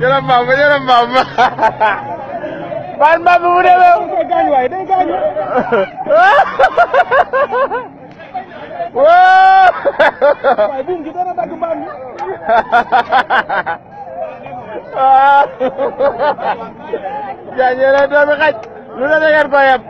Yalan bamba, yalan bamba. Ban bamba bu ne be? Vay bin gidene de gımban. Ganyere dövbe kaç. Lüle de yer koyap.